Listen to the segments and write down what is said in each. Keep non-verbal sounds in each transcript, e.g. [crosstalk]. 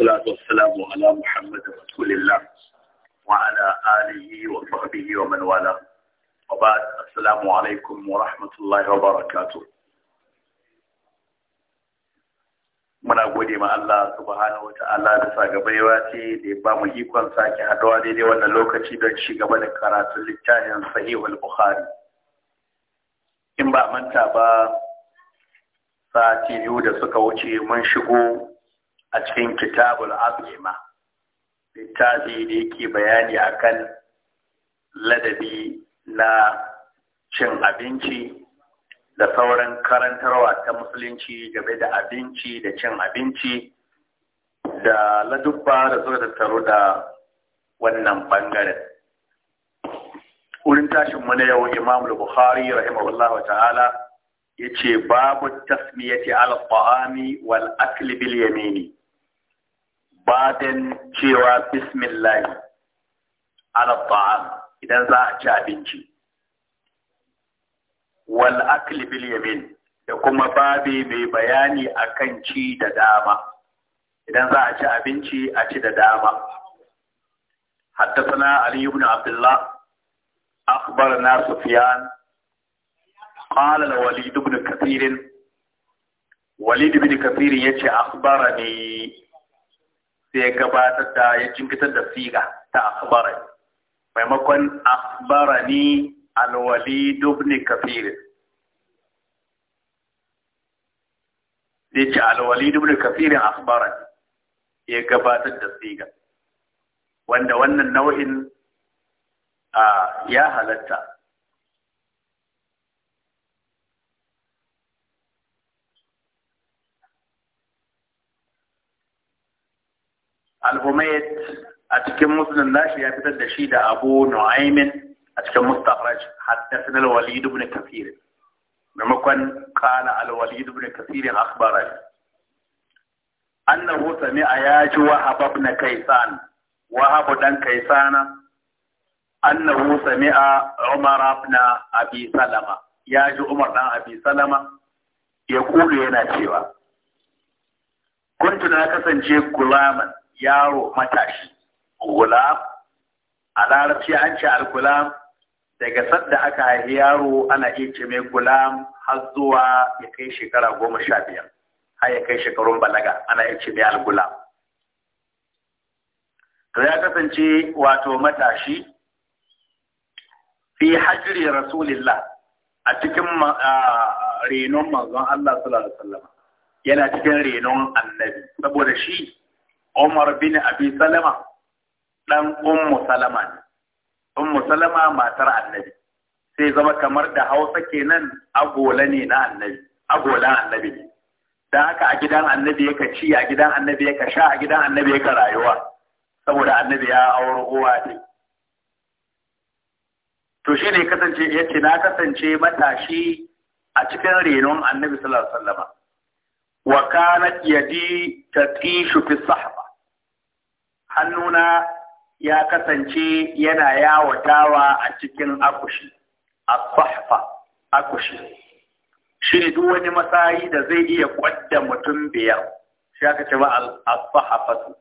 والصلاة والسلام على محمد رسول الله وعلى آله وصحبه ومن والاه وبعد السلام عليكم ورحمة الله وبركاته muna gode ma Allah subhanahu wa ta'ala da saga baiwa ce da ba mu ikon sake haɗuwa daidai wannan lokaci don ci gaba da karatun littafin sahihul bukhari in ba manta ba sati biyu da suka wuce mun shigo a cikin kitabul azima littafi da yake bayani akan ladabi na cin abinci da sauran karantarwa ta musulunci game da abinci da cin abinci da ladubba da suka taro da wannan bangaren wurin tashin mu na yau imam Buhari bukhari rahimahullah ta'ala yace babu tasmiyati al qaami wal akli bil batin cewa bismillah ala ta'am idan za a ci abinci wal akli bil yamin da kuma babi mai bayani akan ci da dama idan za a ci abinci a ci da dama حدثنا علي بن عبد الله أخبرنا سفيان قال الوليد بن كثير وليد بن كثير يجي أخبرني sai ya gabatar da ya jinkitar da siga ta akhbarani maimakon akhbarani alwalid ibn kafir yace alwalid ibn kafir akhbarani ya gabatar da siga wanda wannan nau'in ya halatta al-humayd a cikin muslim nashi ya fitar da shi da abu nu'aymin a cikin mustakhraj haddathana al-walid ibn kathir maimakon Kana al-walid ibn kathir akhbarani annahu sami'a ya ji wahab ibn kaysan wahab dan kaysana annahu sami'a umar ibn abi salama ya ji umar dan abi salama ya kulu yana cewa Kuntuna na kasance gulaman yaro matashi gulam a larabci an ce al-gulam daga sadda aka haifi yaro ana iya ce mai gulam har zuwa ya kai shekara goma sha biyar har ya kai shekarun balaga ana iya ce mai al to ya kasance wato matashi fi hajri rasulillah a cikin renon manzon Allah sallallahu alaihi wasallam yana cikin renon annabi saboda shi Umar bin Abi Salama dan Ummu Salama ne. Ummu Salama matar Annabi. Sai zama kamar da Hausa kenan agola ne na Annabi, agolan Annabi ne. Dan haka a gidan Annabi yake ci, a gidan Annabi yake sha, a gidan Annabi yake rayuwa. Saboda Annabi ya auri uwa ne. To shi ne kasance yace na kasance matashi a cikin renon Annabi sallallahu alaihi wasallama. kanat yadi tatishu fi sahaba hannuna ya kasance yana yawatawa a cikin akushi kwafa akushi shi ne duk wani matsayi da zai iya kwadda mutum biyar shi aka ce ba asfahafatu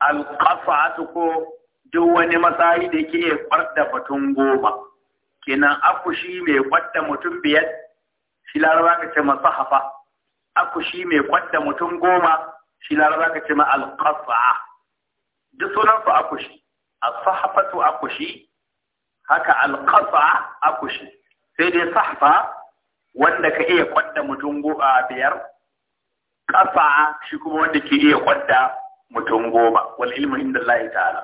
alqafatu ko duk wani matsayi da yake iya kwadda mutum goma kenan akushi mai kwadda mutum biyar shi laraba ka ce hafa, akushi mai kwadda mutum goma shi laraba ka ce ma alqafa duk sunansu akushi as-sahfatu akushi haka al-qasa akushi sai dai sahfa wanda ka iya kwanda mutum a biyar ƙasa shi kuma wanda ke iya kwanda mutum goma wal ilmu inda Allah ta'ala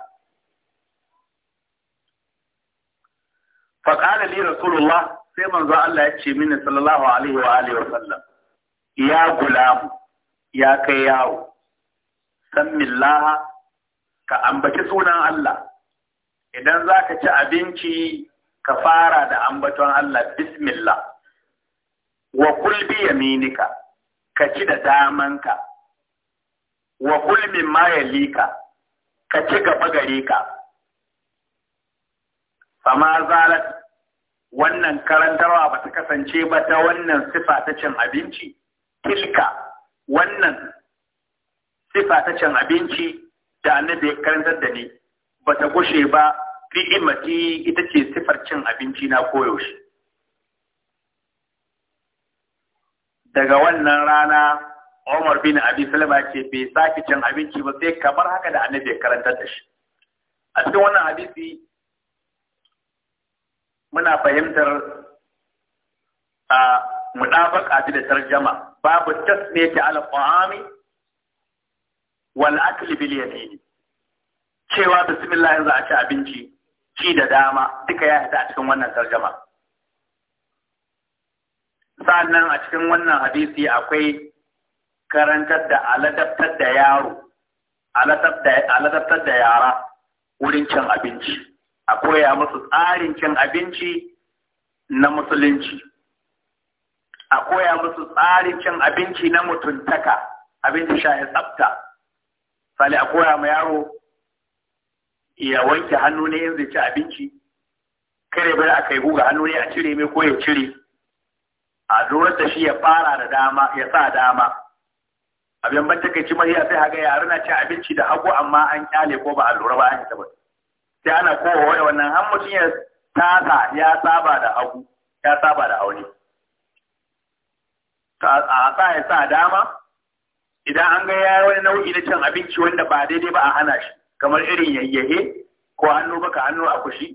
fa qala li rasulullah sai manzo Allah ya ce mini sallallahu alaihi wa alihi wa sallam ya gulamu ya kai yawo "San miLlaha. ka ambaci sunan Allah idan za ka ci abinci ka fara da ambaton Allah bismillah wa kul bi yaminika ka ci da damanka wa kul min ma ka ci gaba gare ka fama zalat wannan karantarwa ba ta kasance ba ta wannan sifa ta cin abinci tilka wannan sifa ta cin abinci da annabi ya karantar da ni ba ta gushe ba imati ita ce sifar cin abinci na koyaushe daga wannan rana Umar bin Abi Salama ce bai sake cin abinci ba sai kamar haka da annabi ya karantar da shi a cikin wannan hadisi muna fahimtar a mudafaka da tarjama babu tasmiyati ala ta'ami wal akli bil yamin cewa bismillah yanzu a ci abinci ci da dama duka ya hada a cikin wannan tarjama sannan a cikin wannan hadisi akwai karantar da aladabtar da yaro aladaftar da yara wurin cin abinci a koya musu tsarin cin abinci na musulunci a koya musu tsarin cin abinci na mutuntaka abinci shahi tsafta Sani a koya ma yaro ya wanke hannu ne in zai ci abinci kare bari a kai guga hannu ne a cire mai ko ya cire a dorar da shi ya fara da dama ya sa dama abin ban ci mahiya sai haga yaro na ci abinci da hagu amma an kyale ko ba a lura ba an yi tabbata sai ana kowa wannan har mutum ya tasa ya saba da hagu ya saba da aure a sa ya sa dama idan an ga ya wani nau'i na cin abinci wanda ba daidai ba a hana shi kamar irin yayyahe ko hannu baka hannu a kushi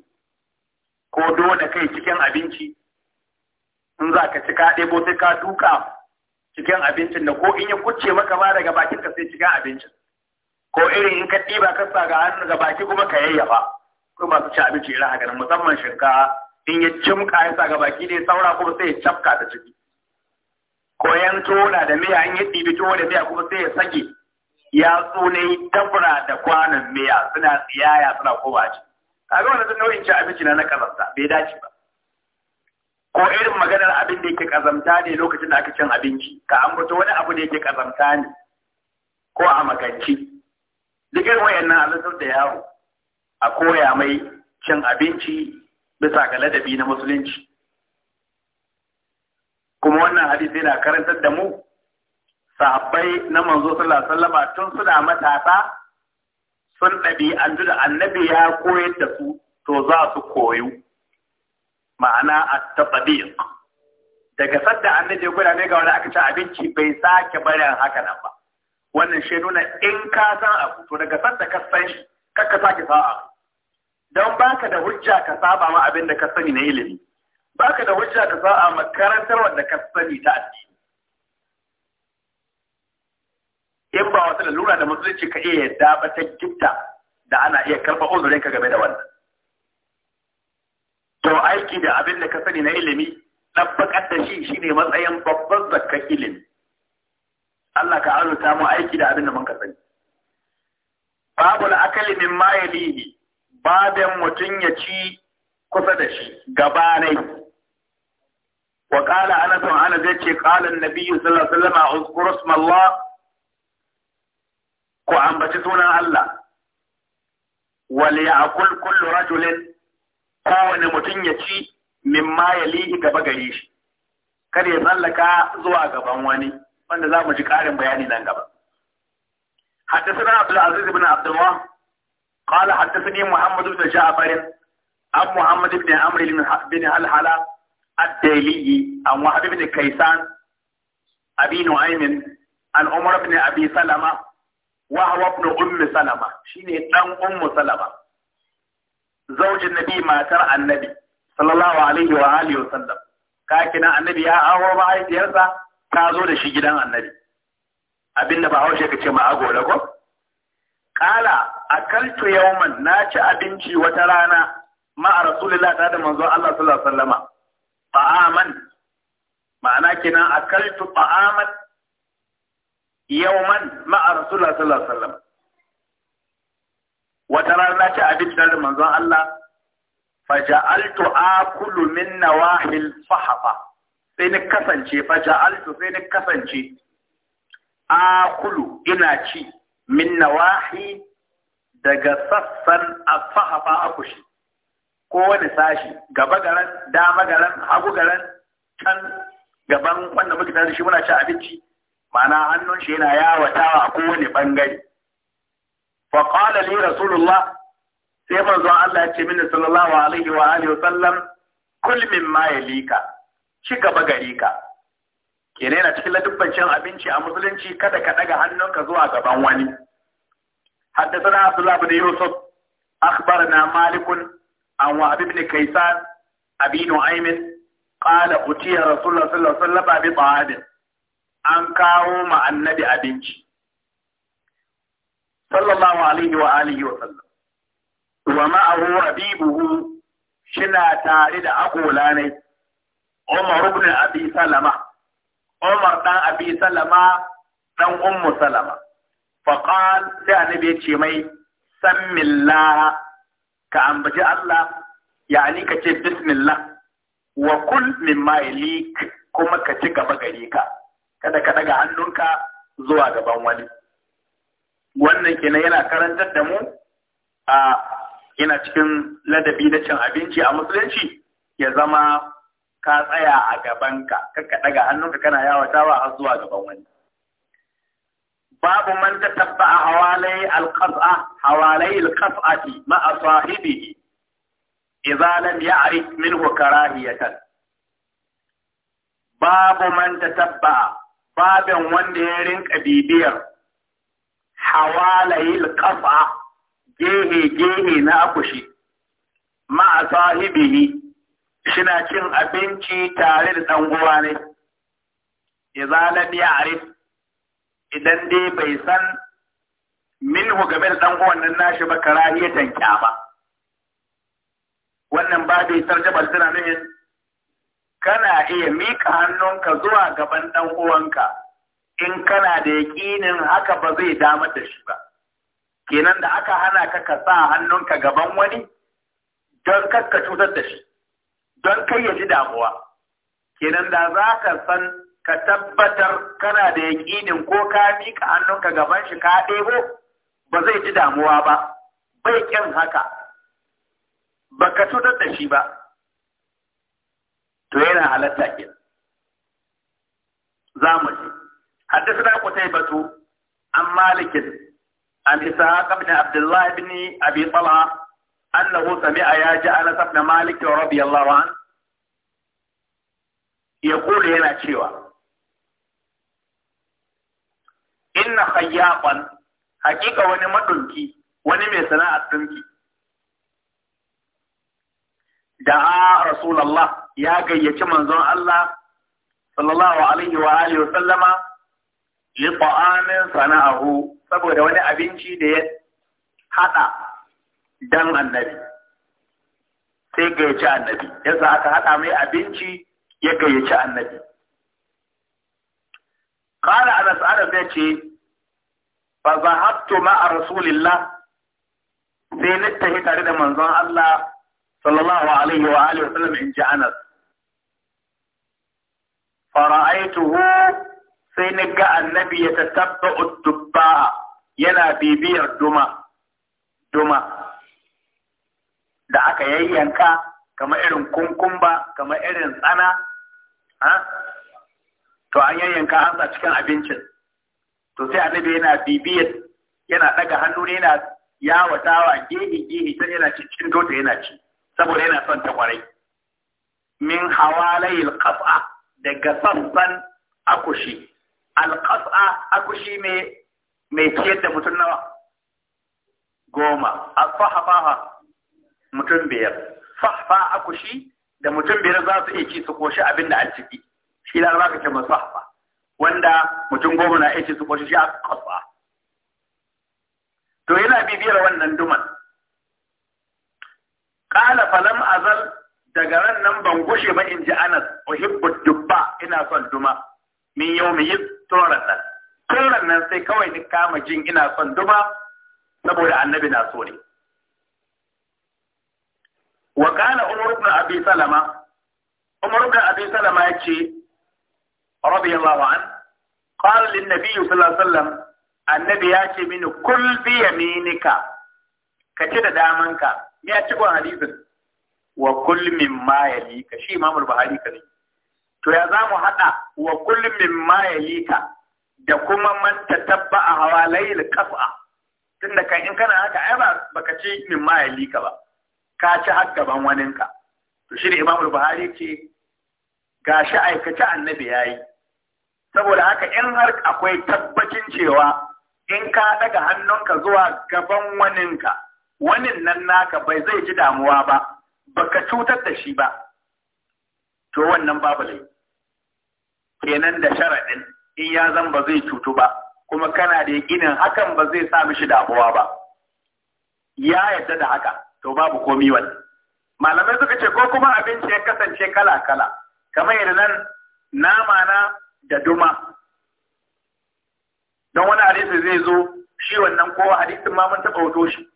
ko dole kai cikin abinci in za ka ci ka ɗebo sai ka duka cikin abincin da ko in ya kucce maka ma daga bakin ka sai cikin abincin ko irin in ka ɗiba ka sa ga hannu ga baki kuma ka yayyafa ko masu ci abinci irin haka musamman shinkafa in ya cimka ya sa ga baki ne saura kuma sai ya cafka ta ciki koyan tona da miya an yi ɗibi tona da miya kuma sai ya sake ya tsune dabra da kwanan miya suna tsiyaya suna kowa ci kaga wannan nau'in cin abinci na na kazanta bai dace ba ko irin maganar abin da yake kazamta ne lokacin da aka cin abinci ka ambata wani abu da yake kazanta ne ko a maganci duk irin wayannan a da yawo a koya mai cin abinci bisa ga ladabi na musulunci kuma wannan hadisi yana karantar da mu sahabbai na manzo sallallahu alaihi wasallam tun suna matasa sun ɗabi'antu da annabi ya koyar da su to za su koyu ma'ana a tabiq daga sadda annabi ya gwada ne ga wani aka ci abinci bai sake barin haka nan ba wannan shi nuna in ka san abu to daga sadda ka san shi kakka ka sake sa'a don baka da hujja ka saba ma abin da ka sani na ilimi ba ka da hujja ka sa a makarantar wanda ka sani ta addini in ba wata lura da musulunci ka iya yadda ba ta gita da ana iya karɓa uzurin ka game da wannan to aiki da abin da ka sani na ilimi ɗabbaƙar da shi shine matsayin babban zakkan ilimi Allah ka arzuta mu aiki da abin da mun ka sani babu la'akali min ma yalihi babin mutum ya ci kusa da shi gabanai wa qala anas anas yace qala an-nabi sallallahu alaihi wasallam uzkur ku ambaci sunan Allah wal ya'kul kullu rajulin kowane mutum ya ci mimma yalihi gaba gare shi kada ya tsallaka zuwa gaban wanda za mu ƙarin bayani nan gaba حدثنا عبد العزيز بن عبد الله قال حدثني محمد بن جعفر عن محمد بن عمرو بن الحلا الدليلي عن وهب بن كيسان أبي نعيم عن عمر بن أبي سلمة وهو ابن أم سلمة شيني أم أم سلمة زوج النبي ما ترى النبي صلى الله عليه وآله وسلم كاكنا النبي يا أهو ما يرسى تازو لشي جدان النبي abin da ba haushe أقول لكم قال أكلت يوما Kala, a وترانا yauman رسول الله تعالى wata الله صلى الله عليه وسلم ta'aman ma'ana kenan akaltu ta'aman yawman ma'a rasulullah sallallahu alaihi wasallam wata rana ci abinci da manzon Allah faja'altu akulu min nawahil fahafa sai ni kasance faja'altu sai ni kasance akulu ina ci min nawahi daga sassan afahafa akushi kowane sashi gaba garan dama garan hagu garan can gaban wanda muke tare da shi muna ci abinci ma'ana hannun shi yana yawatawa a kowane bangare fa qala li rasulullah sai manzo Allah ya ce mini sallallahu alaihi wa alihi wasallam kul ma yalika ci gaba gari ka kenan yana cikin ladubbancin abinci a musulunci kada ka daga hannunka zuwa gaban wani حدثنا عبد الله بن يوسف أخبرنا مالك عن وهب بن كيسان أبي نعيم قال أتي رسول الله صلى الله عليه وسلم an kawo ma annabi abinci sallallahu alaihi wa alihi wa sallam wa ma'ahu rabibuhu tare da agola ne Umar ibn Abi Salama Umar dan Abi Salama dan Ummu Salama fa qal sai annabi ya ce mai sammillaha ka ambaci Allah yani ka ce bismillah wa kul min kuma ka ci gaba gare ka kada ka daga hannunka zuwa gaban wani wannan kenan yana karantar da mu a yana cikin ladabi na cin abinci a musulunci ya zama ka tsaya a gabanka ka daga hannunka kana yawatawa har zuwa gaban wani babu man tatabba'a hawalai alqas'a hawalai alqas'ati ma'a sahibihi idza lam ya'rif minhu karahiyatan babu man tatabba'a babin wanda ya rinka bibiyar hawalai alqas'a gehe gehe na akushi ma'a sahibihi shina cin abinci tare da dan uwa ne idza lam ya'rif idan dai bai san minhu game da dan wannan nashi ba karahiyatan ba, wannan ba bai babu tarjabar tana nuhin kana iya mika hannunka zuwa gaban dan uwanka in kana da yaƙinin haka ba zai damar da shi ba kenan da aka hana ka ka sa hannunka gaban wani don kakka cutar da shi don kai ya ji damuwa kenan da za ka san ka tabbatar kana da yaƙinin ko ka miƙa hannunka gaban shi ka ɗebo ba zai ji damuwa ba bai ƙin haka ba ka cutar da shi ba to yana halatta ke za mu ji haddasa batu an malikin an ishaq bin abdullah bin abi talha annahu a ya ji anas ibn malik radiyallahu an yaqulu yana cewa inna khayyaqan hakika wani madunki wani mai sana'ar dinki da'a rasulullah ya gayyaci manzon Allah sallallahu alaihi wa alihi sallama li ta'amin sana'ahu saboda wani abinci da ya hada dan annabi sai gayyaci annabi yasa aka hada mai abinci ya gayyaci annabi qala anas anas ya ce fa zahabtu a rasulillah sai na tafi tare da manzon Allah sallallahu alaihi wa alihi wa sallam in ji Anas fara'aituhu sai na ga annabi ya tattaba dubba yana bibiyar duma duma da aka yayyanka kamar irin kunkumba kamar irin tsana ha to an yayyanka an cikin abincin to sai annabi yana bibiyar yana daga hannu ne yana yawatawa gehi gehi sai yana cikin dota yana ci saboda yana son ta kwarai min hawalai qaf'a daga sassan akushi alqaf'a akushi mai mai ciyar da mutum nawa goma asfahafaha mutum biyar Fahfa akushi da mutum biyar za su iya ci su koshi abin da a ciki shi da za ka ce masahfa wanda mutum goma na aiki su kwashe shi a kasuwa to yana bibiyar wannan duman Ƙala falam azal daga ran nan ban gushe ba in ji anas uhibbu dubba ina son duma min yi tsoron nan tsoron nan sai kawai ni kama jin ina son duma saboda annabi na so ne wa ƙala umar ibn abi salama umar ibn abi salama ce. رضي الله عنه قال للنبي صلى الله عليه وسلم النبي ياتي من كل بيمينك كتير دامنك ياتي حديث وكل مما يليك شي امام البخاري كريم to ya za mu haɗa wa kulmin min da kuma man tatabba a hawalayil kafa tunda kan in kana haka ai ba baka ci min ma yalika ba ka ci har gaban waninka to shi ne Imam Buhari ce gashi aikace annabi yayi saboda haka in har akwai tabbacin cewa in ka daga hannunka zuwa gaban waninka wanin nan naka bai zai ji damuwa ba baka cutar da shi ba to wannan babu lai kenan da sharaɗin in ya zan ba zai cutu ba kuma kana da yakinin hakan ba zai sa mishi damuwa ba ya yadda da haka to babu komi wani malamai suka ce ko kuma abinci ya kasance kala kala kamar yadda nan nama na da duma don wani hadisi zai zo shi wannan kowa hadisin ma mun taɓa hoto shi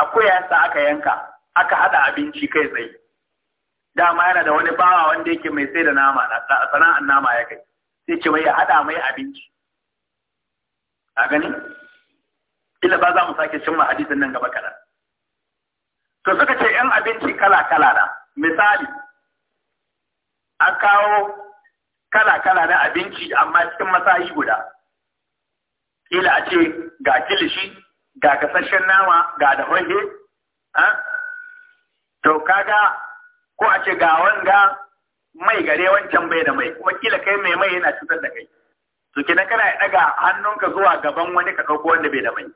akwai yansa aka yanka aka haɗa abinci kai tsaye dama yana da wani bawa wanda yake mai sai da nama sana'an nama ya kai sai ce mai ya haɗa mai abinci a gani ila ba za mu sake cimma hadisin nan gaba kaɗan to suka ce yan abinci kala kala na misali A kawo kala-kala na abinci amma cikin matsayi guda kila a ce ga kilishi ga kasashen nama ga da hohe to kaga ko a ce ga wanga mai gare wancan bai da mai kuma kila kai mai mai yana cutar da kai to kenan kana ya daga hannunka zuwa gaban wani ka ɗauko wanda bai da mai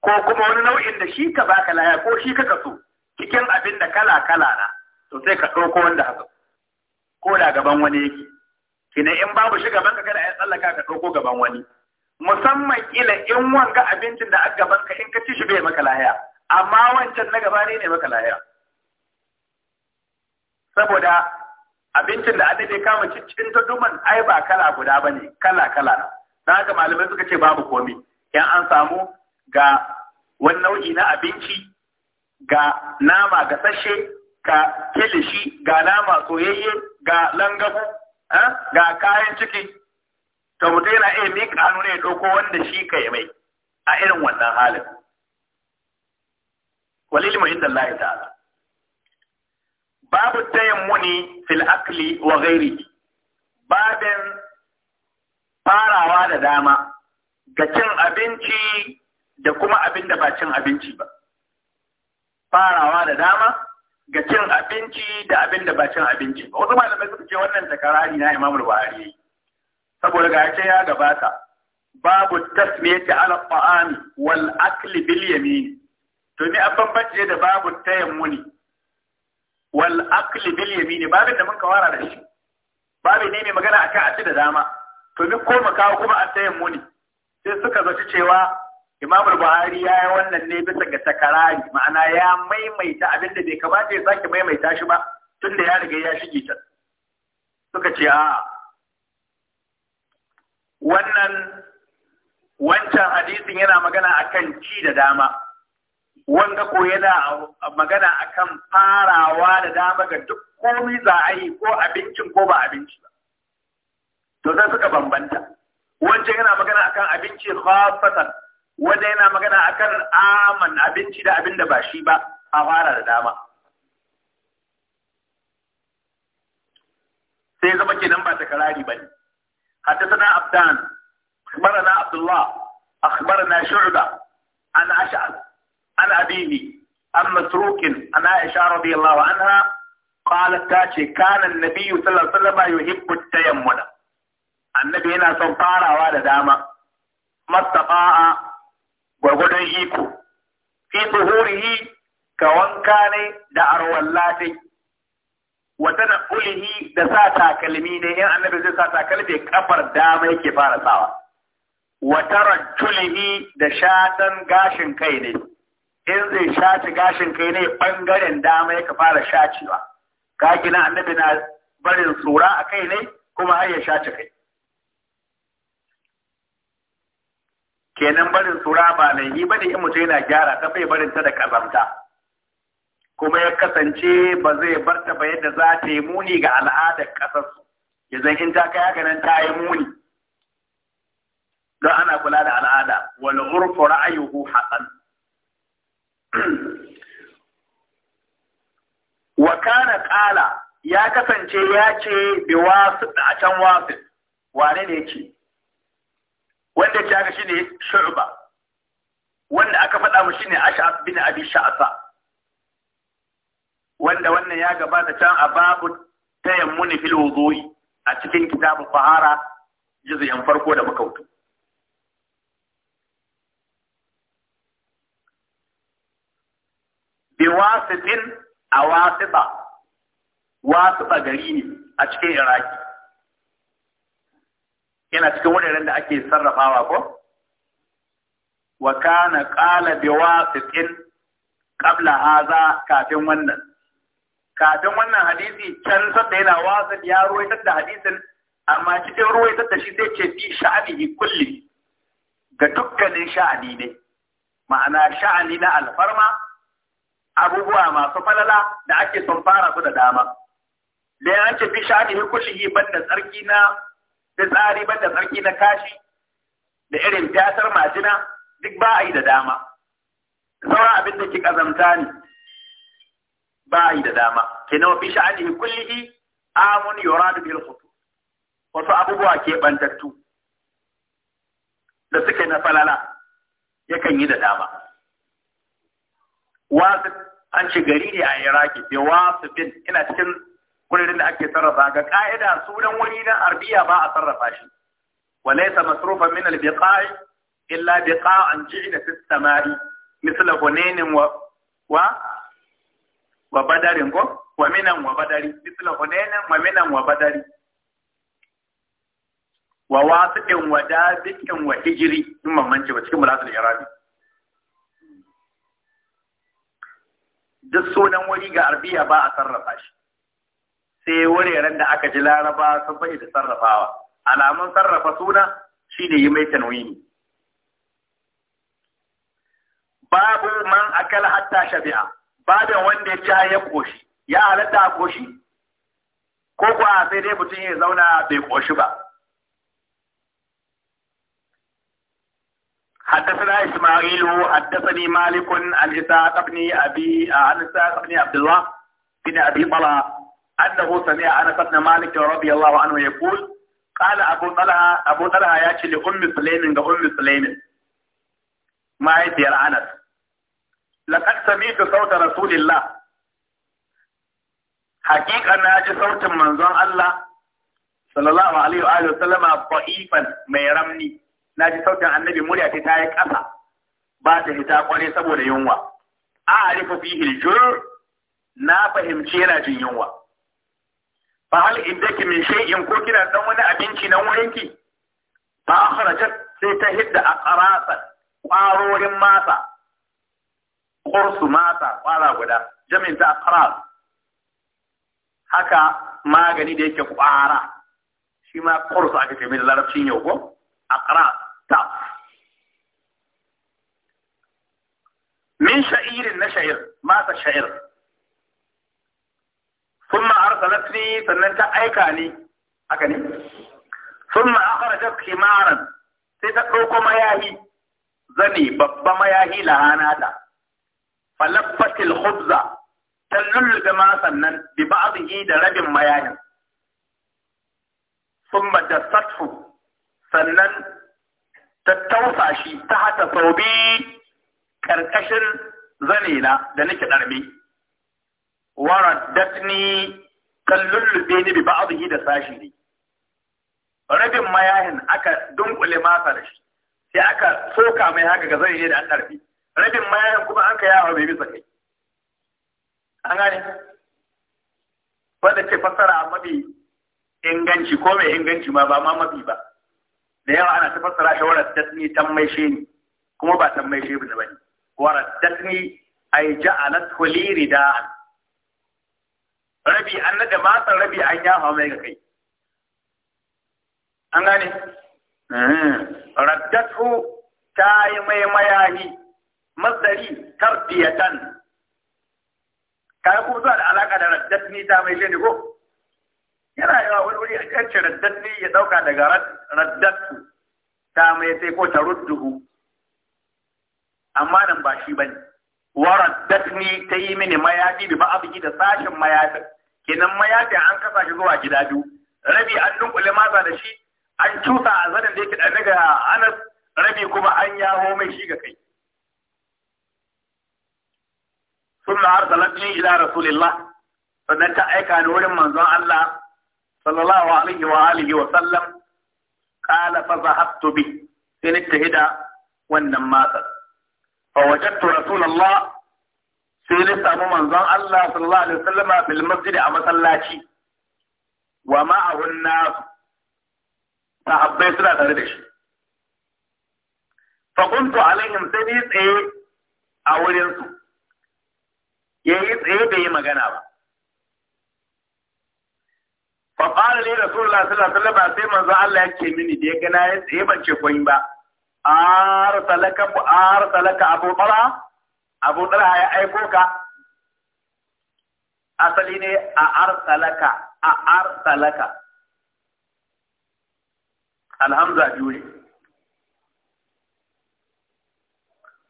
ko kuma wani nau'in da shi ka baka laya ko shi ka kaso cikin abin da kala kala na to sai ka ɗauko wanda haka ko da gaban wani yake kina in babu shi gaban ka kada ya tsallaka ka ɗauko gaban wani musamman kila in wanga abincin da aka gaban ka in ka ci shi bai maka lahiya amma wancan na gaba ne ne maka lahiya saboda abincin da annabi kama cikin ta duman ai ba kala guda ba ne, kala kala na Na haka malamai suka ce babu komai in an samu ga wani nau'i na abinci ga nama ga sashe, ga kilishi ga nama soyayye ga langafu ga kayan ciki ta mutu yana iya miƙa hannu ne ya ɗauko wanda shi ka yi mai a irin wannan halin walili mu inda Allah ta'ala babu tayammuni fil akli wa ghairi babin farawa da dama ga cin abinci da kuma abin da ba cin abinci ba farawa da dama ga cin abinci da abin da ba cin abinci ba wasu malamai suka ce wannan takarari na imamul buhari saboda ga ce ya gabata babu tasmiyati ala ta'ami wal akli bil yamin to ni a bambance da babu tayammuni wal akli bil yamin babin da mun kawara da shi babu ne mai magana akan abin da dama to ni ko mu kawo kuma a tayammuni sai suka zaci cewa Imam Buhari ya yi wannan ne bisa ga takarari ma'ana ya maimaita abin da bai kamata ya sake maimaita shi ba tun da ya riga ya shige ta. Suka ce a wannan wancan hadisin yana magana akan ci da dama wanga ko yana magana akan farawa da dama ga duk komi za a yi ko abincin ko ba abinci ba. To sai suka bambanta. Wancan yana magana akan abinci khafatan wanda yana magana akan aman abinci da abin da ba shi ba a fara da dama sai zama kenan ba takarari ba ne حدثنا عبدان أخبرنا عبد الله أخبرنا شعبة عن أشعث عن أبيه عن مسروق عن عائشة رضي الله عنها قالت تاتي كان النبي صلى الله عليه وسلم يحب التيمم النبي هنا سوطارا ولا داما ما استطاع gwargwadon iko fi zuhurihi ka wanka ne da arwalla dai wata da ulihi da sa takalmi ne 'yan annabi zai sa takalmi kafar dama yake fara sawa wata rajulihi da shatan gashin kai ne in zai shaci gashin kai ne bangaren dama yake fara shacewa ka gina annabi na barin tsora a kai ne kuma har ya shaci kai kenan barin tsura ba yi ba ne in mutum yana gyara ta bai barin ta da kazanta kuma ya kasance ba zai bar ta ba yadda za ta yi muni ga al'adar ƙasar ya zai in ta kai haka nan ta yi muni don ana kula da al'ada wani urfu ra'ayuhu hasan [clears throat] wa kana qala ya kasance ya ce bi wasu a can wasu wane ne ce wanda ya ga ne shu'ba wanda aka faɗa mu shine ash'ab bin abi sha'sa wanda wannan ya gabata can a babu tayammun fil wudu'i a cikin kitabu fahara juz'in farko da makautu bi wasitin a wasiba wasita gari ne a cikin iraki yana cikin wuraren da ake sarrafawa ko wa kana qala bi wasitin qabla hadha kafin wannan kafin wannan hadisi can sadda yana wasit ya ruwaitar da hadisin amma cikin ruwaitar da shi zai ce fi sha'anihi kulli ga dukkanin sha'ani ne ma'ana sha'ani na alfarma abubuwa masu falala da ake son fara su da dama da ya ce fi sha'anihi kulli banda tsarki na tsari ba da tsarki na kashi da irin tasar majina duk ba a yi da dama sauran abin da ke kazanta ne ba a yi da dama ke nawa fi sha'anihi kullihi amun da biyar hutu wasu abubuwa ke bantattu da suke na falala yakan yi da dama wasu an ce gari ne a iraki bai wasu bin ina cikin wurin da ake sarrafa ga ka'ida sunan wani na arbiya ba a sarrafa shi walaysa masrufan min al-biqa'i illa biqa'an ji'ila fi samai misla hunainin wa wa wa badarin ko wa minan wa badari misla hunainin wa minan wa badari wa wasiqin wa daziqin wa hijiri. in mamance ba cikin mulatul irabi duk sunan wani ga arbiya ba a sarrafa shi sai ran da aka ji laraba sun bai da sarrafawa alamun sarrafa suna shi ne yi mai tanwini babu man akal hatta shabi'a babin wanda ya ci ya koshi ya halatta a koshi ko kuwa sai dai mutum ya zauna bai ƙoshi ba حدثنا إسماعيل حدثني مالك عن إسحاق بن أبي عن بن عبد الله بن أبي طلحة أنه سمع أنس بن مالك رضي الله عنه يقول قال أبو طلحة أبو طلحة يأتي لأم سليم لأم سليم ما يدير أنس لقد سمعت صوت رسول الله حقيقة أجي صوت زون الله صلى الله عليه وآله وسلم ضعيفا ما يرمني ناجي صوت عن النبي مولي تتايك أسا بات هتاك ولي سبو أعرف فيه الجر na فهم yana jin yunwa fa hal indaki min shay'in ko kina dan wani abinci nan wurin ki fa akhrajat sai ta hidda aqrafa qarorin mata qursu mata qara guda jami'in ta aqraf haka magani da yake kwara shi ma qursu aka ce mai larabcin yau ko aqras ta min sha'irin na sha'ir mata sha'ir sanatni sannan ta aika ni haka ne sun ma akharajat khimaran sai ta ɗauko mayahi zani babba mayahi lahana ta falaffatil khubza ta lulluga ma sannan bi ba'dihi da rabin mayahin sun ma dasathu sannan ta tausa shi ta hata sau biyu ƙarƙashin zanena da nake ɗarbe. Waraddatni kan lullube ni bi ba'dihi da sashi ne rabin mayahin aka dunkule masa da shi sai aka soka mai haka ga zai da an ɗarfi rabin mayahin kuma an ka yawa bai bisa kai an gane wanda ce fassara mafi inganci ko mai inganci ma ba ma mafi ba da yawa ana ta fassara shi tan tasni tammaishe ni kuma ba tammaishe ba ne wara tasni ay ja'alat huliri da rabi an da masan rabi an hau mai ga kai an gane eh. raddatu ta yi mai mayahi masdari tarbiyatan kai kuma da alaka da raddatni ta mai shi ne ko yana yawa wani wuri a kance raddatni ya dauka daga raddatu ta mai sai ko ta rudduhu amma nan ba shi bane wa raddatni ta yi mini mayafi bi ba abiki da sashin mayafin kenan ma ya mayafi an kasa shi zuwa gida biyu rabi an dunkule masa da shi an cuta a zanen da yake daga anas rabi kuma an yawo mai shi ga kai sun ma arsalatni ila rasulillah sannan ta aika ni wurin manzon Allah sallallahu alaihi wa alihi wa sallam qala fa zahabtu bi sai ni wannan matsa fa wajadtu rasulullah sai na samu manzon Allah sallallahu alaihi a bil masjid a masallaci wa ma'ahun nas sahabbai suna tare da shi fa kuntu alaihim sai ni tsaye a wurin su yayi tsaye bai yi magana ba fa qala li rasulullah sallallahu alaihi wasallam sai manzon Allah yake mini da ya gana ya tsaye ban ce koyin ba arsalaka arsalaka abu talha abu ɗara ya aiko ka asali ne a arsalaka a arsalaka alhamza biyu ne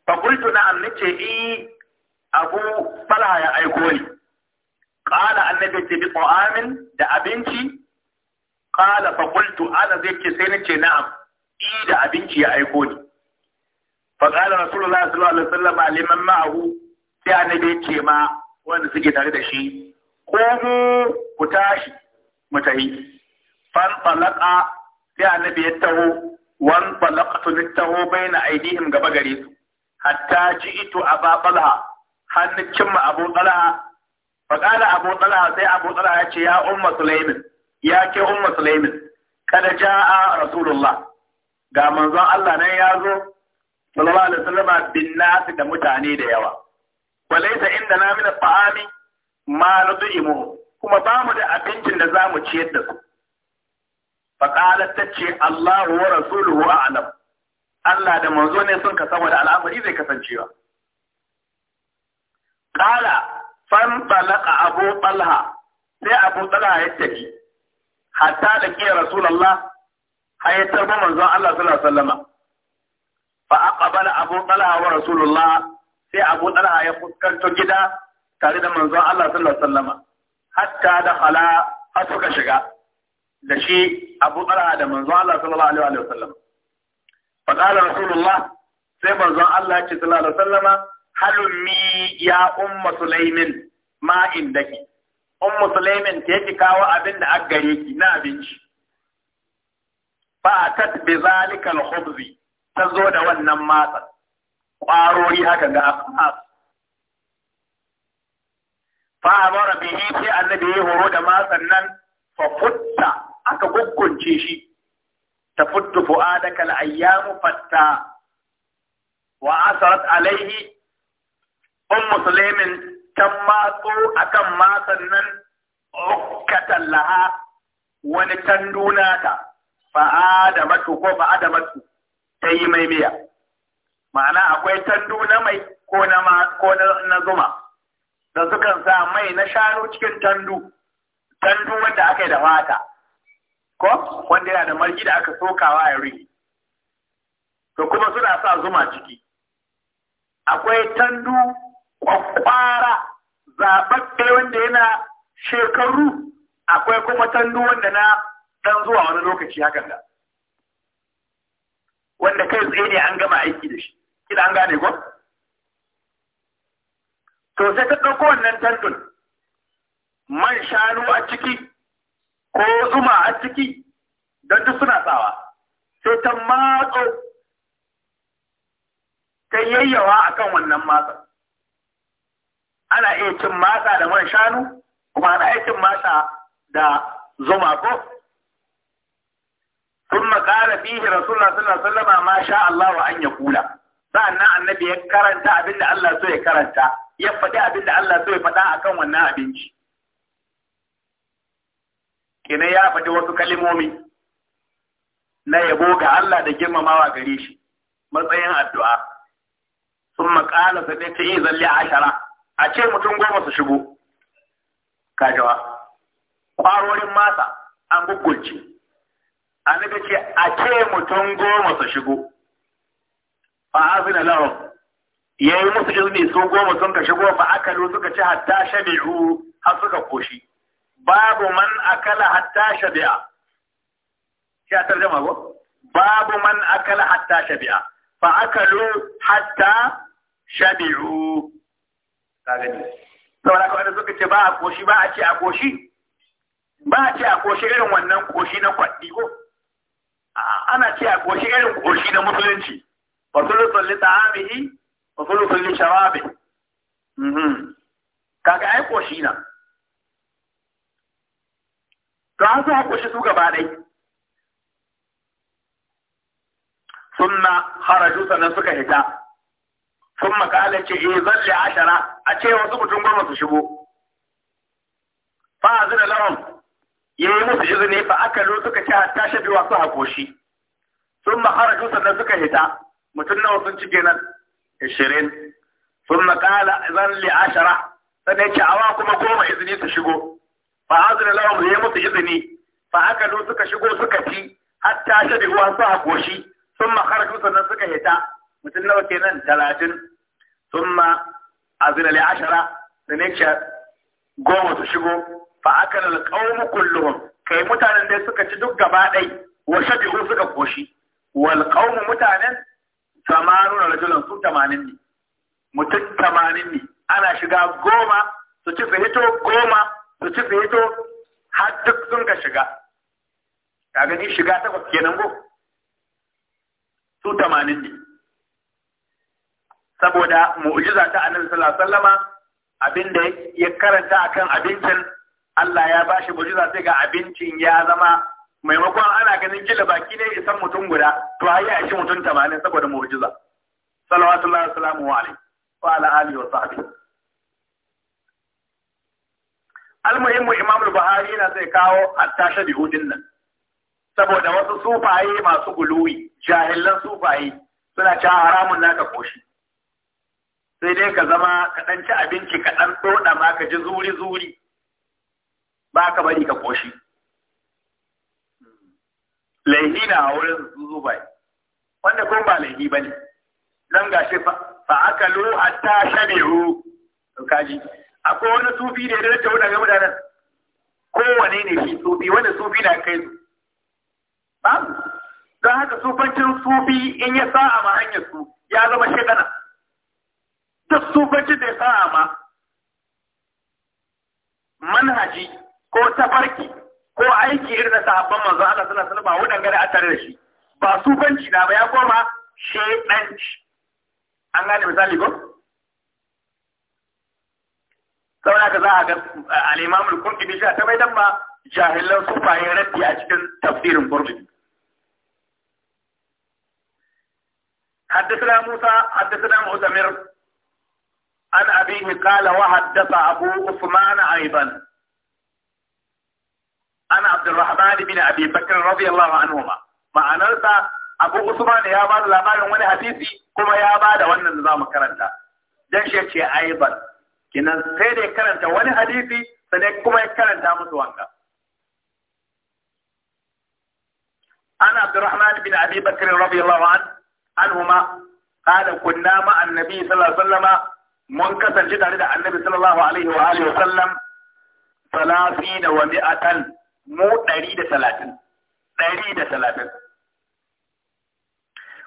fakultu na annace i eh, abu falha ya aiko ni qala annabi ce bi ta'amin da abinci qala fakultu ana zai ce sai nace na'am i eh, da abinci ya aiko ni faƙalar rasulullah sallallahu alaihi wasallam liman ma'ahu sai annabi ce ma wanda suke tare da shi ko mu ku tashi mu tahi fan talaqa sai annabi ya taho wan talaqtu littaho baina aidihim gaba gare su hatta ji'tu aba talha har ni cimma abu talha faƙala abu talha sai abu talha ya ce ya umma sulaimin ya ke umma sulaimin kada ja'a rasulullah ga manzon Allah nan ya zo sallallahu alaihi wasallam bin nasi da mutane da yawa walaysa inda na min fa'ami ma nud'imu kuma ba mu da abincin da zamu ciyar da su fa qalat tace Allahu wa rasuluhu a'lam Allah da manzo ne sun ka saboda al'amari zai kasancewa qala fan talaqa abu talha sai abu talha ya tafi hatta da ke rasulullah hayatar manzon Allah sallallahu alaihi wasallam fa aqbala abu talha wa sai abu talha ya fuskanto gida tare da manzon Allah sallallahu hatta da khala har suka shiga da shi abu talha da manzon Allah sallallahu alaihi wasallam fa qala sai manzon Allah ce sallallahu alaihi wasallama halummi ya ummu sulaimin ma indaki ummu sulaimin ta kawo abinda aka gare na abinci fa tat bi ta zo da wannan matsa ƙwarori haka ga asmas fa amara bihi sai annabi ya horo da matsan nan fa futta aka guggunce shi ta futtu fu'adaka al fatta wa asarat alaihi um muslimin ta matso akan matsan nan ukkatan laha wani tanduna ta fa'adamatu ko fa'adamatu ta yi mai miya ma'ana akwai tandu na mai ko na zuma da sukan sa mai na shanu cikin tandu tandu wanda aka yi da mata. ko wanda yana da margi da aka sokawa ya rigi to kuma suna sa zuma ciki akwai tandu kwakwara zaɓaɓɓe wanda yana shekaru akwai kuma tandu wanda na ɗan zuwa wani lokaci hakan da wanda kai tsaye ne an gama aiki da shi kila an gane ko to sai ta ɗauko wannan tantun man shanu a ciki ko zuma a ciki don duk suna tsawa sai ta matso ta yayyawa akan wannan matsa ana iya cin matsa da man shanu kuma ana iya cin matsa da zuma ko ثم قال فيه رسول الله صلى الله عليه وسلم ما شاء الله أن يقول sa'annan annabi ya karanta abin da Allah so ya karanta ya faɗi abin da Allah so ya faɗa akan wannan abinci kina ya faɗi wasu kalimomi na yabo ga Allah da girmamawa gare shi matsayin addu'a sun maƙala su ɗaya ta yi zalle ashara a ce mutum goma su shigo kajawa ƙwarorin masa an gugulce annabi ce a ce mutum goma su shigo fa azina lahum yayi musu izini su goma sun ka shigo fa akalu suka ci hatta shabi'u har suka koshi babu man akala hatta shabi'a shi a tarjama ko babu man akala hatta shabi'a fa akalu hatta shabi'u ka gani saboda kawai suka ce ba a koshi ba a ce a koshi ba a ce a koshi irin wannan koshi na kwaɗi ko ana ce a koshi irin koshi na musulunci wa sulusun li ta'amihi wa sulusun li sharabi mhm. kaga ai koshi na to an sa koshi su gaba dai sunna haraju sannan suka hita sun makala ce eh zalle ashara a ce wasu mutum goma su shigo fa azina lahum ya yi musu izini fa aka lo suka ci hatta shabi wasu hakoshi sun maharaju sannan suka hita mutum nawa sun ci kenan Ishirin. sun makala zan li ashara sannan ce awa kuma goma izini su shigo fa zina lawan, ya musu izini fa aka lo suka shigo suka ci hatta shabi wasu hakoshi sun maharaju sannan suka hita mutum nawa kenan talatin sun ma azina li ashara sannan ce goma su shigo fa akala alqawmu kulluhum kai mutanen dai suka ci duk gaba ɗai wa shabi'u suka koshi wal mutanen mutanen samanun rajulan su tamanin ne mutum tamanin ne ana shiga goma su ci fahito goma su ci fahito har duk sun ka shiga ka gani shiga takwas kenan go su tamanin ne saboda mu'ujiza ta annabi sallallahu alaihi wasallama abinda ya karanta akan abincin Allah ya bashi mujiza sai ga abincin ya zama maimakon ana ganin kila baki ne isan mutum guda to har ya shi mutum tamanin saboda mujiza salawatullahi wasalamu alaihi wa ala alihi wa sahbihi almuhimmu imam al-buhari na zai kawo attasha bi hudin nan saboda wasu sufaye masu guluwi jahilan sufaye suna ci haramun naka koshi sai dai ka zama ka danci abinci ka dan doda ma ka ji zuri zuri ba ka bari ka koshi laihi na wurin zubai wanda kuma ba laihi ba ne zan gashi fa aka lo hatta shabiru kaji akwai wani sufi da ya ta ga mutanen kowane ne shi sufi wanda sufi na kai su babu don haka sufancin sufi in ya sa ma hanyar su ya zama shekana duk sufancin da ya a ma manhaji ko tafarki ko aiki irin na sahabban manzo Allah sallallahu alaihi wasallam wadan gare a tare da shi ba su banci na ba ya koma shedanci an gane misali ko saboda ka za a ga eh, al-Imam al-Qurtubi shi ta bai dan ba jahilan sufaye raddi a cikin tafsirin Qurtubi حدثنا موسى حدثنا معتمر عن أبيه قال وحدث أبو عثمان أيضا ana Abdulrahman bin Abi Bakr radiyallahu anhuma ma'anarsa Abu Usman ya ba da labarin wani hadisi kuma ya ba da wannan da zamu karanta dan shi ce aiban kinan sai da karanta wani hadisi sai kuma ya karanta musu wanka ana Abdulrahman bin Abi Bakr radiyallahu anhu anhuma قال كنا مع النبي صلى الله عليه وسلم mun kasance tare da annabi sallallahu alaihi wa alihi wa sallam salafina wa mi'atan mu ɗari da talatin ɗari da talatin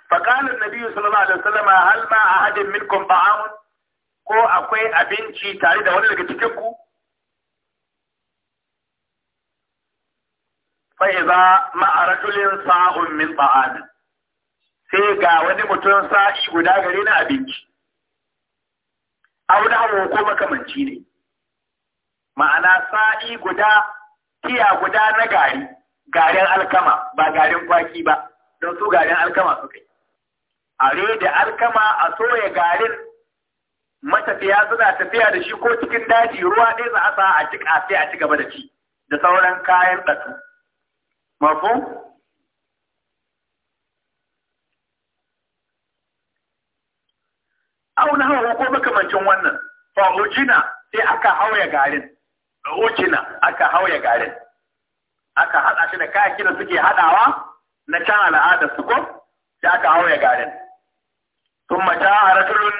فقال النبي صلى الله عليه وسلم halma a أحد منكم ba'amu, ko akwai abinci tare da wani daga cikin ku fa idza ma'a sa'un min ta'am sai ga wani mutum sa'i guda gare na abinci aw da ko makamanci ne ma'ana sa'i guda kiya guda na gari garin alkama ba garin kwaki ba don su garin alkama suka yi a da alkama a soya garin matafiya suna tafiya da shi ko cikin daji ruwa ɗaya za a sa a sai a ci gaba da ci da sauran kayan ɗatu mafu auna hawa ko makamancin wannan fa'ujina sai aka hauya garin ukina aka hauya garin aka haɗa shi da kayakin da suke haɗawa na can al'ada su ko da aka hauya garin tun mata a rasulun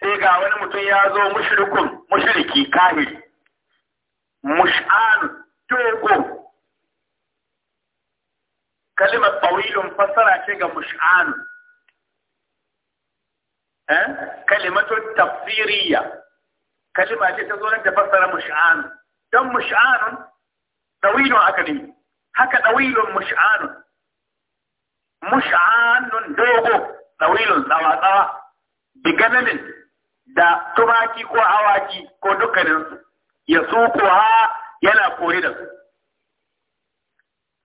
sai ga wani mutum ya zo mushrikun mushriki kahiri mush'an togo kalimar tawilun fassara ce ga mush'an eh kalimatun tafsiriya kalima ce ta zo nan ta fassara mush'an don mush'anun ɗawilun aka ne haka ɗawilun mush'anun mush'anun dogo ɗawilun tsawa-tsawa biganamin da tumaki ko awaki ko dukkaninsu ya ko ha yana kore da su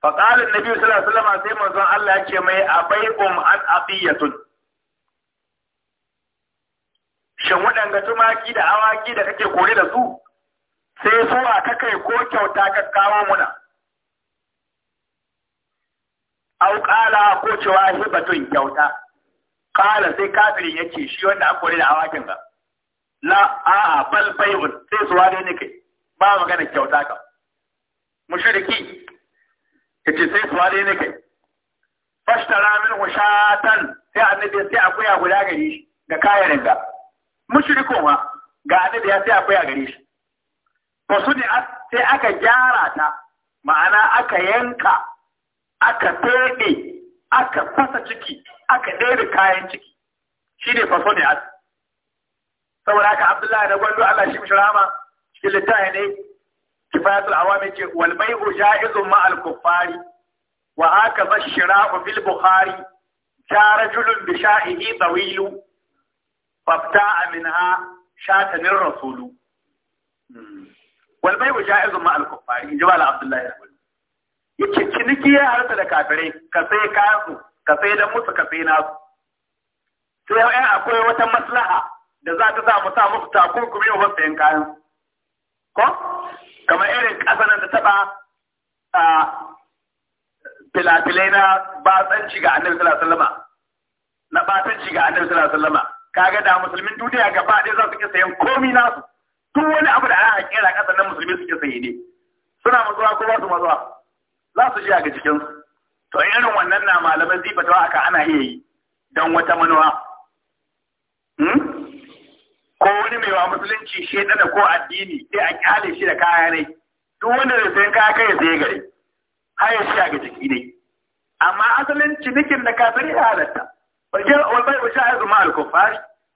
faƙalin nabi sallallahu alaihi wasallam sai manzon Allah ya ce mai abaikum an abiyatun shin waɗanga tumaki da awaki da kake kore da su sai suwa ta kai ko kyauta ka kawo muna au kala ko cewa hibatun kyauta Ƙala sai kafirin ce shi wanda aka kore da awakin ba la a'a bal bai'un sai suwa dai ne kai ba magana kyauta ka mushriki ce sai suwa dai ne kai fashtara min shatan sai annabi sai akuya guda gare shi da kayan riga mushrikun ga annabi ya sai akuya gare shi Fasu ne sai aka gyara ta, ma'ana aka yanka, aka feɗe, aka fasa ciki, aka ɗere kayan ciki. Shi ne fasu ne Saboda haka Abdullahi da Gwando Allah shi mishi rama cikin littafi ne kifayatul awami ce wal bai'u ja'izun ma al kuffari wa haka bashira'u bil bukhari Ta rajulun bi sha'ihi tawilu fabta'a minha shatanin rasulu hmm. wal bai'u ja'izun ma al kuffari in ji malam abdullahi rabbul yace ciniki ya harta da kafirai ka sai kasu ka sai da musu ka sai nasu sai ai akwai wata maslaha da za ta ta mu sa musu takunkumi wa wasu kayan ko kamar irin nan da taba a filafilai na batsanci ga annabi sallallahu alaihi wasallama na batsanci ga annabi sallallahu alaihi wasallama kaga da musulmin duniya gaba ɗaya za su ki sayan komi nasu duk wani abu da aka kera kasa nan musulmi suke sayi ne suna matsuwa ko ba su matsuwa za su a ga cikin su to irin wannan na malaman zifatawa aka ana iya yi don wata manuwa hmm? ko wani mai wa musulunci dana ko addini sai a kyale shi da kaya ne duk wanda zai sai kaya kai sai gari har ya shiga ga jiki ne amma asalin cinikin da kafin ya halatta wajen walbai wajen azu ma al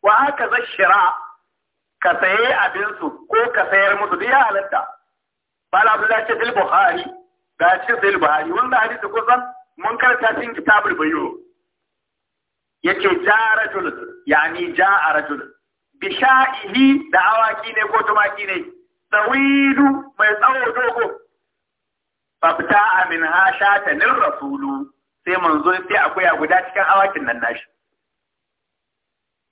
wa haka ka saye abinsu ko ka sayar musu duk ya halatta bala abdullahi ce fil bukhari ga shi fil bukhari wanda hadisi kusan mun karanta cikin kitabul bayu yake ja rajul yani ja rajul bisha'ihi da awaki ne ko tumaki ne tawidu mai tsawo dogo Babta min ha shata nir rasulu sai manzo sai akwai guda cikin awakin nan nashi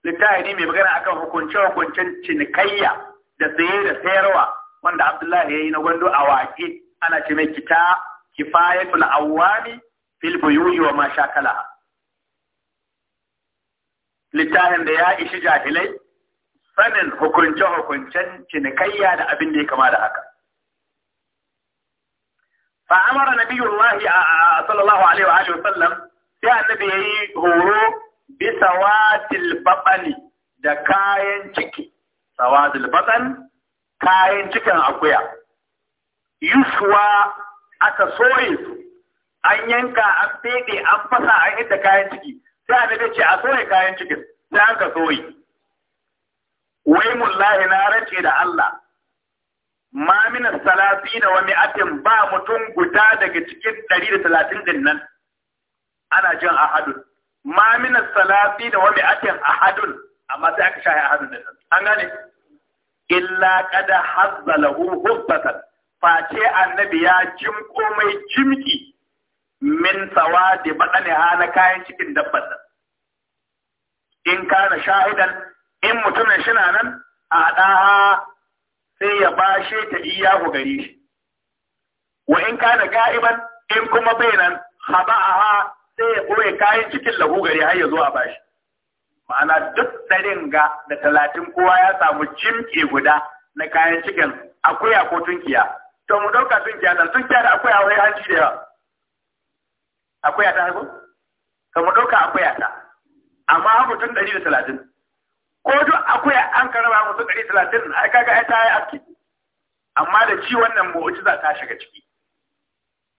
littafi ne mai magana akan hukunce-hukuncen cinikayya da tsaye da sayarwa wanda Abdullahi ya yi na gwando a waƙe ana ce mai kita kifayatul awwami fil buyuyi wa mashakala littafin da ya ishi jahilai sanin hukunce-hukuncen cinikayya da abin da ya kama da haka amara nabiyullahi sallallahu alaihi wa sallam sai annabi yayi horo bisa watil baɓani da kayan ciki sawatil baɗan kayan cikin akuya yuswa aka soye su an yanka an feɗe an fasa an da kayan ciki sai annabi ce a soye kayan cikin sai an aka soye wai mullahi na race da Allah ma min salatina wani mi'atin ba mutum guda daga cikin 130 din nan ana jin ahadun ma min salati da wa mi'atin ahadun amma sai aka shahi ahadun da an gane illa qad hazza lahu hubbatan face annabi ya jim komai jimki min sawadi badani na kayan cikin dabban nan in kana shahidan in mutumin shi nan a ɗaha sai ya bashe ta iyahu gare shi wa in kana ga'iban in kuma bai nan haba'aha sai ya ɓoye kayan cikin lahu gari har ya zo a bashi ma'ana duk ɗarin ga da talatin kowa ya samu cimke guda na kayan cikin akuya ko tunkiya to mu ɗauka tunkiya nan tunkiya da akuya wai hanci da yawa akuya ta haifu? to mu ɗauka akuya ta amma mutum ɗari da talatin ko duk akuya an karaba mutum ɗari talatin ai kaga ai ta yi aski amma da ci wannan mu'ujiza ta shiga ciki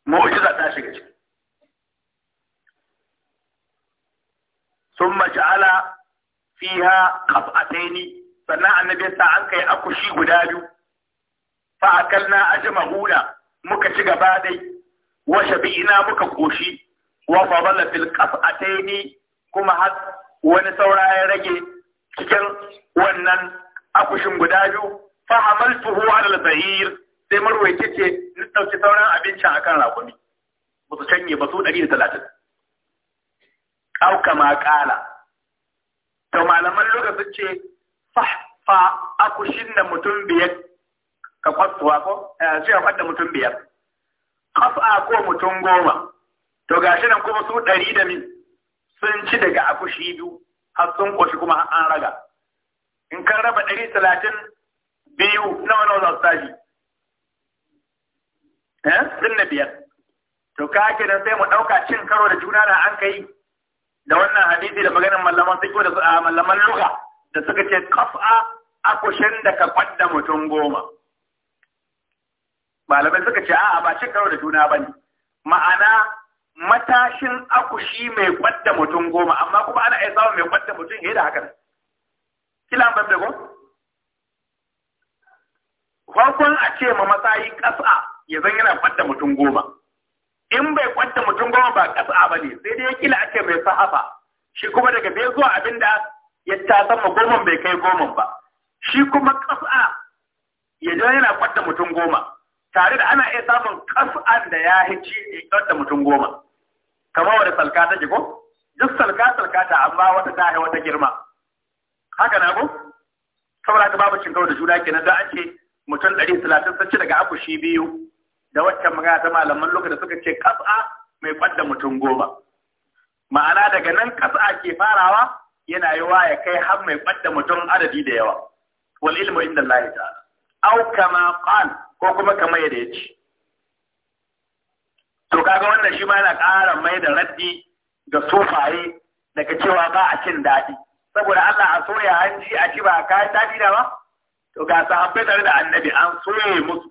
mu'ujiza ta shiga ciki ثم جعل فيها قطعتين sannan annabi ya sa an kai akushi guda biyu fa akalna ajma'una muka ci gaba dai wa shabi'ina muka koshi wa fadala fil qas'ataini kuma har wani saura ya rage cikin wannan akushin guda biyu fa hamaltuhu ala al-bahir sai marwaye ce ni dauki sauran abincin akan rakumi ba su canye ba su talatin. aw kama qala to malaman lugha sun ce fa fa akushin da mutum biyar ka kwasuwa ko eh, sai a kwatta mutum biyar kafa ko mutum goma to gashi nan kuma su ɗari da min sun ci daga akushi biyu har sun koshi kuma an raga in kan raba ɗari talatin biyu nawa nawa za su tashi eh sun na biyar to ka kenan sai mu ɗauka cin karo da juna na an kai da wannan hadisi da maganin mallaman fiqh da a mallaman lugha da suka ce a akushin da ka kwadda mutum goma malamai suka ce a'a ba cin da juna ne. ma'ana matashin akushi mai kwadda mutum goma amma kuma ana iya samun mai kwadda mutum yayi da haka kila an bambam ko farkon a ce ma matsayi ƙasa ya zan yana kwadda mutum goma in bai kwanta mutum goma ba kasa ba ne sai dai kila ake mai sahafa shi kuma daga bai zuwa abin da ya ta sama goma bai kai goman ba shi kuma kasa ya je yana kwanta mutum goma tare da ana iya samun kasa'an da ya hici ya kwanta mutum goma kamar wani salka ta jiko duk salka salka ta amma wata ta wata girma haka na ko saboda haka babu cin da juna kenan da an ce mutum ɗari talatin sun ci daga shi biyu da waccan magana ta malaman lokacin da suka ce kasa mai kwadda mutum goma ma'ana daga nan kasa ke farawa yana yiwa ya kai har mai kwadda mutum adadi da yawa wal ilmu inda Allah ta'ala au kama ko kuma kama yadda yace to kaga wannan shi ma yana ƙara mai da raddi ga sufaye daga cewa ba a cin daɗi saboda Allah a soya hanji a ci ba kayan daɗi da ba to ga sahabbai tare da annabi an soye musu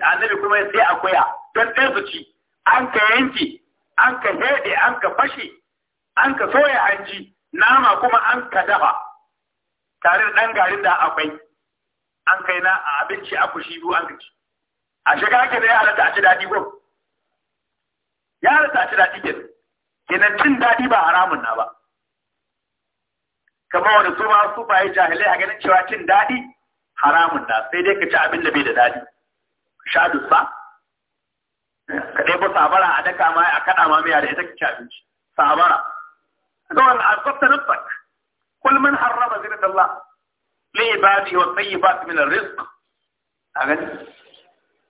annabi kuma sai a koya don ɗaya su ci an ka yanki an ka heɗe, an ka fashe an ka soya ji nama kuma an ka dafa tare da ɗan garin da akwai an kai na a abinci a kushi biyu an kaci a shiga ake da yara ta ci daɗi ko yara ta ci daɗi kenan kenan cin daɗi ba haramun na ba kamar wani su ma su baye jahilai a ganin cewa cin daɗi haramun na sai dai ka ci abin da bai da daɗi shadus ba ka ɗebo sabara a daka ma a kaɗa ma miya da ita ka ci abinci sabara ga wannan azabta nafsak kul man harrama zinat Allah li ibadi wa tayyibat min ar-rizq a gani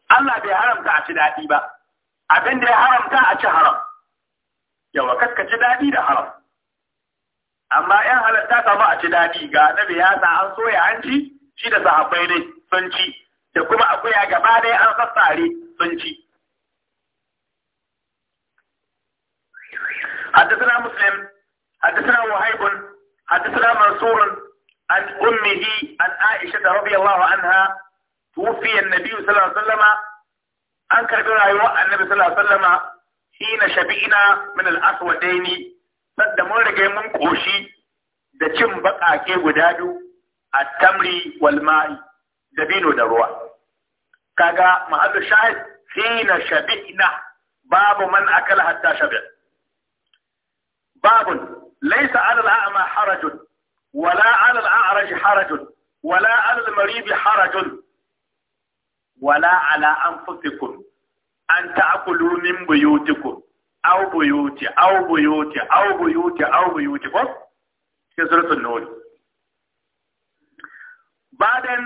Allah bai haramta a ci daɗi ba abin da ya haramta a ci haram yawa ci daɗi da haram amma yan halatta kama a ci daɗi ga annabi ya sa an soya an ci shi da sahabbai ne sun ci da kuma akuya gaba ɗaya an sassare sun ci حدثنا مسلم حدثنا وهيب حدثنا منصور عن أمه عن عائشة رضي الله عنها توفي النبي صلى الله عليه وسلم an karbi rayuwa annabi sallallahu alaihi wasallama hina shabi'ina min al-aswadaini sadda mun rige mun koshi da cin baƙaƙe guda biyu at-tamri wal ma'i dabino da ruwa kaga mahallu shahid fina shabihna babu man akala hatta shabih babun laysa ala al-a'ma harajun wala ala al-a'raj harajun wala ala al-marib harajun wala ala anfusikum an ta'kulu min buyutikum aw buyuti aw buyuti aw buyuti aw buyuti ko sai suratul nur badan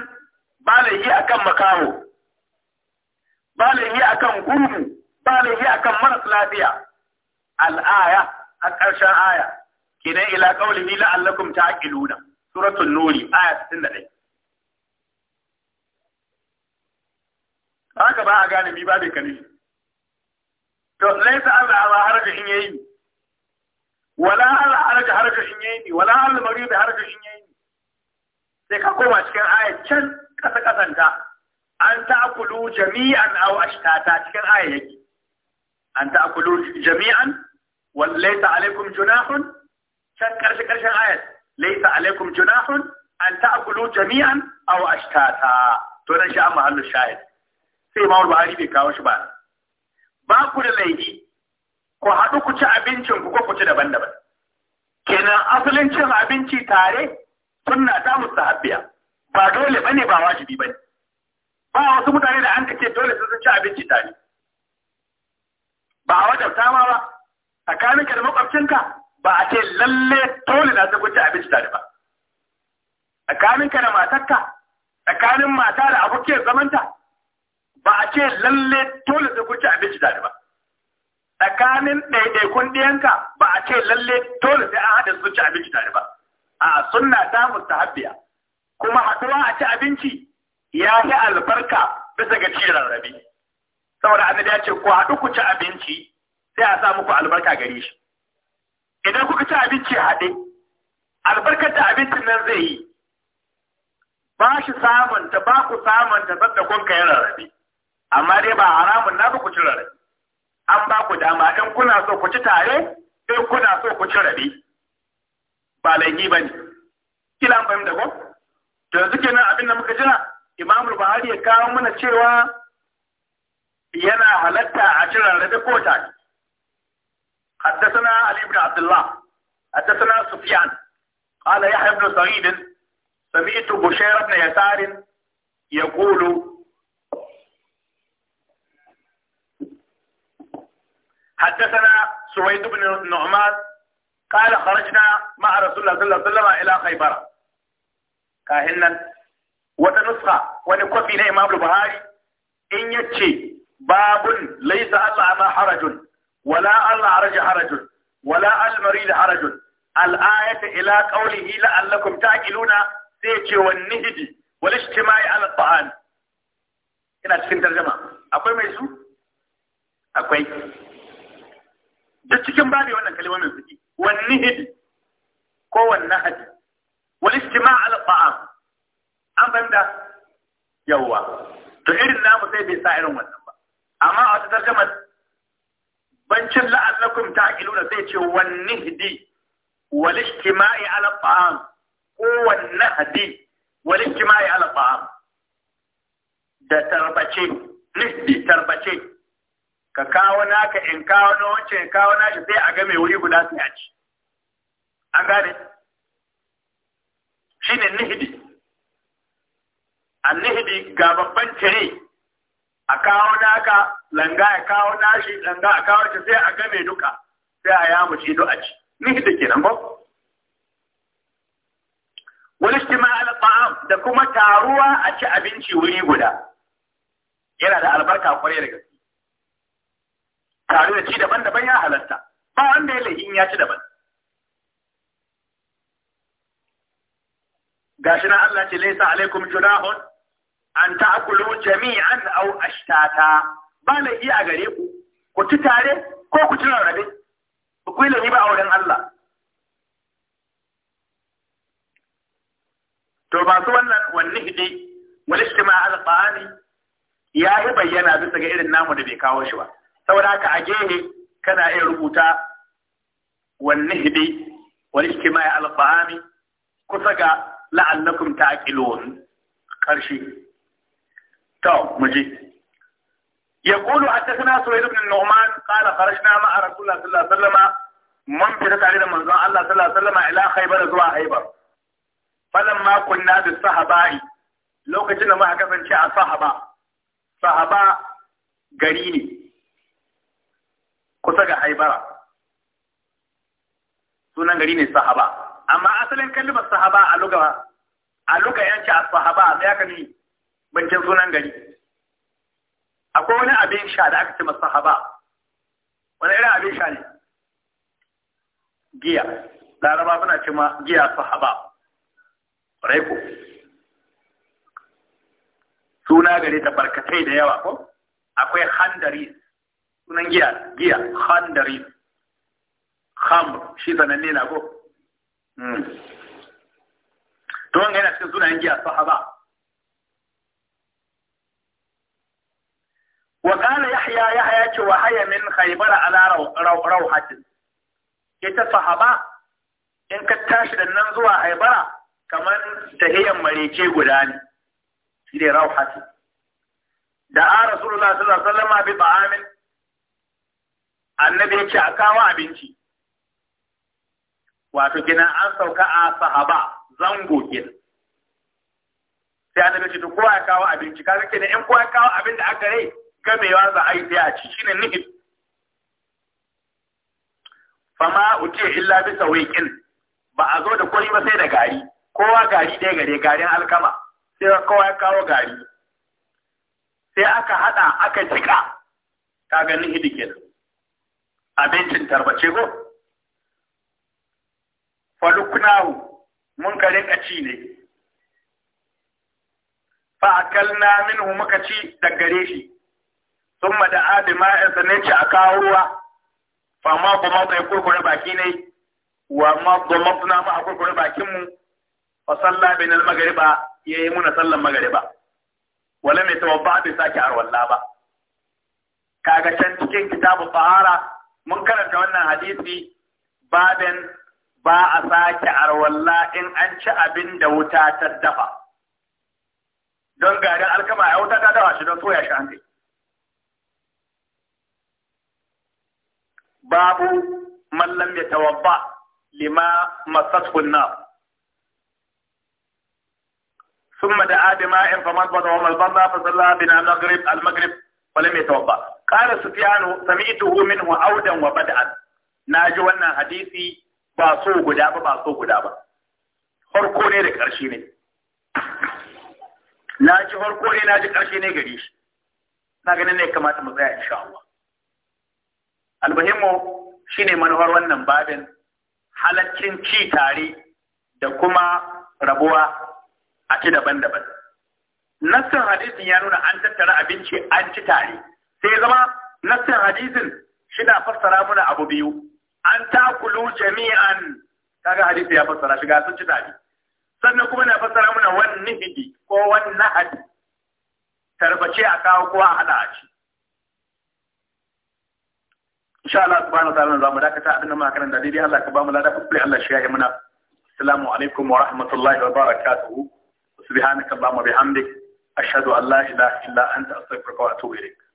ba a akan makaho ba a akan gurgu ba a akan maras lafiya al'aya a ƙarshen aya kinan ila qaulihi la'allakum ta'qiluna suratul nuri aya 61 haka ba a gane mi ba bai kare to laisa Allah ba harka in yayi wala Allah harka harka in yayi wala Allah mari da harka in yayi sai ka koma cikin aya can kasa kasanta an kulu jami'an aw ashtata cikin aya yake an kulu jami'an wallaysa alaikum junahun can karshe karshen ayat laysa alaikum junahun an kulu jami'an aw ashtata to nan shi a mahallu shahid sai Imam Buhari bai kawo shi ba ba ku da laifi ku haɗu ku ci abincin ku ko ku ci daban-daban kenan asalin cin abinci tare sunna ta mustahabbiya ba dole bane ba wajibi bane ba wasu mutane da an kace dole sun ci abinci tare ba a ta ma ba tsakaninka da makwabcinka ba a ce lalle dole na sai kun ci abinci tare ba tsakaninka da matarka tsakanin mata da abokiyar zamanta ba a ce lalle dole sai kun ci abinci tare ba tsakanin ɗaiɗaikun ɗiyanka ba a ce lalle dole sai an haɗa sun ci abinci tare ba a sunna ta mustahabbiya kuma haɗuwa a ci abinci ya yi albarka bisa ga cire rarrabe saboda annabi ya ce ku haɗu ku ci abinci sai a sa muku albarka gare shi idan kuka ci abinci haɗe albarkar da abincin nan zai yi ba shi samunta ba ku samunta sadda kun kai rarrabe amma dai ba haramun na ba ku ci rarrabe an ba ku dama in kuna so ku ci tare in kuna so ku ci rabe ba laifi ba ne kila an fahimta ko yanzu kenan abin da muka jira imamul buhari ya kawo mana cewa yana halatta a jira rabe ko ta حدثنا علي بن عبد الله حدثنا سفيان قال يحيى بن سعيد سمعت بشير بن يسار يقول حدثنا سويد بن نعمان قال خرجنا مع رسول الله صلى الله عليه وسلم الى خيبر kahin nan wata nuska wani kwafi na Imam Buhari in ya ce, babun Allah al'ama harajun wala Allah al'araja harajun wala al-marid harajun al-ayatu ila qawlihi la'allakum ta'qiluna sai ce wan nihdi wal ijtima'i ala ta'an ina cikin tarjuma akwai mai su akwai duk cikin babu wannan mai suke wan nihdi ko wan nahdi والاجتماع على الطعام an fahimta yawwa to irin namu sai bai sa irin wannan ba amma a wata tarjamar bancin la'allakum ta'qiluna sai ce wan nihdi wal ijtima'i ala ta'am ko wan nahdi wal ijtima'i ala ta'am da tarbace nihdi tarbace ka kawo naka in kawo na wancan in kawo nashi sai a ga mai wuri guda sai a ci an gane ne nihidi Nihidi ga babban tare, a kawo naka langa ya kawo nashi langa a kawo ta sai a game duka sai a yamu ci do a ci nihidi kenan ba wani istima'a al da kuma taruwa a ci abinci wuri guda yana da albarka kwarai da gaske taruwa ci daban-daban ya halatta ba wanda ya lahin ya ci daban gashi na Allah ce laisa alaikum junahun an ta'kulu jami'an aw ashtata ba na iya gare ku ku ci tare ko ku ci rarrabe ku yi lani ba a wurin Allah to ba su wannan wani hidi wani shima alqani ya yi bayyana bisa ga irin namu da bai kawo shi ba saboda haka a gehe kana iya rubuta wani hidi wani shima alqani kusa ga la'allakum taqilun karshe to muje ya kulu a tsakana su wa ibn kala farashna ma a rasul allah sallallahu fi ta tare da manzo allah sallallahu alaihi wasallam ila khaybar zuwa khaybar falan ma kunna da sahabai lokacin da ma kasance sance a sahaba sahaba gari ne kusa ga khaybar sunan gari ne sahaba amma asalin kalmar sahaba a luga a luga yanci a sahaba sai aka ni bincin sunan gari akwai wani abin sha da aka ce sahaba wani irin abin sha ne giya laraba suna ce ma giya sahaba raiko suna gari ta barkatai da yawa ko akwai handari sunan giya giya handari hamr shi sananne na ko to hmm. wanga yana cikin sunayen giya sahaba wa qala yahya yahya ce wa haya min khaybar ala rawhatin ita sahaba in ka tashi da nan zuwa haibara kamar tahiyyar mareke guda ne shi ne rawhatin da a rasulullah sallallahu alaihi wasallam bi ba'amin annabi ya ce a kawo abinci wato kenan an sauka a sahaba zango kenan sai an ce to kowa ya kawo abinci kaga kenan in kowa ya kawo abin da aka rai gamewa za a yi sai a ci shine nihil fama uti illa bi sawiqin ba a zo da kuri ba sai da gari kowa gari ɗaya gare garin alkama sai kowa ya kawo gari sai aka hada aka jika kaga nihil kenan abincin tarbace ko falukunahu mun ka rinka ci ne fa akalna minhu muka ci da gare shi thumma da abi ma'in sanin ci a kawo ruwa fa ma ba ma bai kurkure baki ne wa ma ba ma tuna ma a kurkure bakin mu fa salla bin al yayi muna sallan magriba wala mai tawabba bai sake arwalla ba kaga can cikin kitabu fahara mun karanta wannan hadisi baben ba a sake arwalla in an ci abin da wuta ta dafa don garin alkama ya wuta ta dafa shi don soya shi an babu mallam ya tawabba lima masasfun na ثم دعا بماء فمضمض ومضمض فصلى بنا المغرب المغرب ولم يتوضا قال سفيان سمعته منه عودا Na ji wannan hadisi ba so guda ba ba so guda ba farko ne da ƙarshe ne na ji farko ne na ji ƙarshe ne gare shi na ganin ne kamata mu tsaya insha Allah almuhimmu shine manufar wannan babin halaccin ci tare da kuma rabuwa a ci daban-daban nassan hadisin ya nuna an tattara abinci an ci tare sai zama nassan hadisin shi na fassara mana abu biyu an takulu jami'an kaga hadisi ya fassara shi ga sun ci tare sannan kuma na fassara muna wannan hidi ko wani nahadi tarbace a kawo ko a hada a ci insha Allah subhanahu wa ta'ala zamu dakata abin da muka da daidai Allah ka ba mu lada kuma Allah shi ya yi muna assalamu alaikum wa rahmatullahi wa barakatuhu subhanaka allahumma bihamdik ashhadu an la ilaha illa anta astaghfiruka wa atubu ilaik